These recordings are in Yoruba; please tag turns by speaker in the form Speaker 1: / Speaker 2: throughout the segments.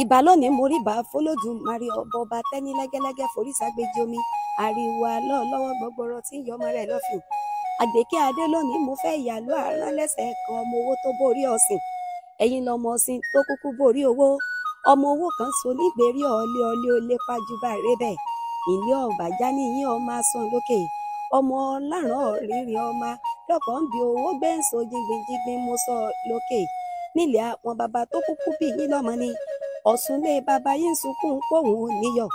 Speaker 1: ìbà lónìí mo rí bá fọlọ́dúnmarì ọba tẹ́ni lẹ́gẹ́lẹ́gẹ́ foríṣàgbéjì omi ariwo alọ́ lọ́wọ́ gbọgbọrọ tí ń yọmọ rẹ̀ lọ́fìn àgbèké adé lónìí mo fẹ́ ìyàlọ́ àrán lẹ́sẹ̀ kan ọmọ owó tó borí ọ̀sìn ẹ̀yin lọmọ ọ̀sìn tó kúkú borí owó ọmọ owó kan so nígbèrí ọ̀ọ́lé ọ̀ọ́lé olé pàjùbà rẹ̀ bẹ́ẹ̀ ilé ọ̀bàjá níyìn ọmọ asán lókè ọmọ ọláràn ọ̀rìnrìn ọmọ lọ́kàn ń bi owó gbẹ̀ǹsọ̀ jíngbìnjíngbìn mo sọ lókè nílẹ̀ àwọn bàbá tó kúkú bí yín lọ́mọ ni. ọ̀sùnlé bàbá yìí ń sunkún póun ò níyọ̀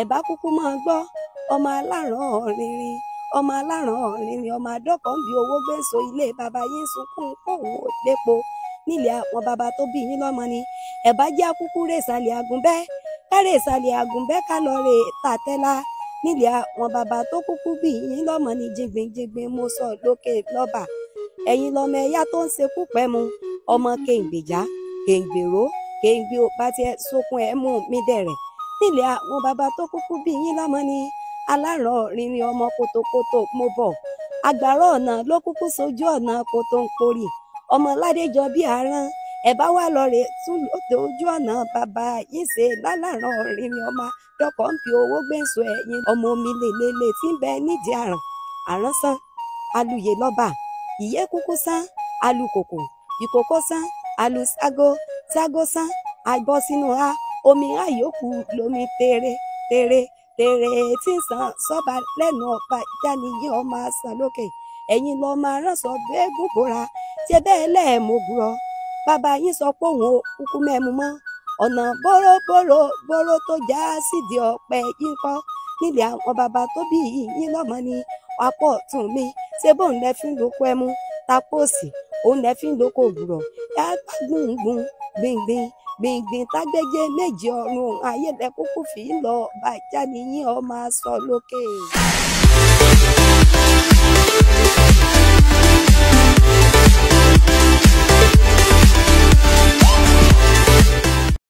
Speaker 1: ẹ̀bá kúkú máa gbọ́ ọmọ aláràn ọ̀rìnrìn ọmọ aláràn ọ̀rìnrìn ọmọ àdọ́kàn bí owó gbèsò ilé bàbá yìí ń sunkún póun ò lépo nílẹ̀ àwọn baba tó bí yín lọ́mọ ni ẹ̀bá jẹ́ àgùnbẹ́ àgùnbẹ́ ká lọ rè tàtẹ́lá nílẹ̀ àwọn tó kúkú bí yín kéńgbé o bá tiẹ̀ sókun ẹ̀ mú mi dẹ̀rẹ̀ nílẹ̀ àwọn bàbá tó kúkú bí yín lámọ́ ni alárọ̀ rìnrìn ọmọ kótókótó mo bọ̀ àgbàrá ọ̀nà ló kúkú sojú ọ̀nà kótó ń porì ọmọ ládéjọ bí aràn ẹ bá wà lọrẹ tún lóde ojú ọ̀nà bàbá yín ṣe lálàrán rìnrìn ọmọ dọkọ̀ ń fi owó gbèsò ẹ̀yìn ọmọ omi lèlele tí ń bẹ nídìí àràn àrán alùyè lọ́ba ìyẹ́ kúkú sán alùkòkò ìkòkò sán alùságo ságọ́sán àgbọ̀ sínú ha omi ha lomi tere tere tere tí ń sàn sọ́ba lẹ́nu ọ̀pá jáníyé ọmọ àṣàn lókè ẹ̀yin lọ́ọ́ máa ránṣọ bẹ́ẹ̀ gbòkóra ṣe bẹ́ẹ̀ bàbá yín sọ pé òun kúkú mẹ́mu mọ́ ọ̀nà bóró-bóró tó já sídìí ọ̀pẹ yín kọ́ nílẹ̀ àwọn mi bóun lẹ fi ń tapó òsì òun lẹ fi ń dóko òwúrọ̀ ẹ bá gbùngbùn gbìngbìn gbìngbìn tágbéjé méje ọ̀run ayé lẹ kúkú fi ń lọ bàjá nìyí ọ máa sọ lókè.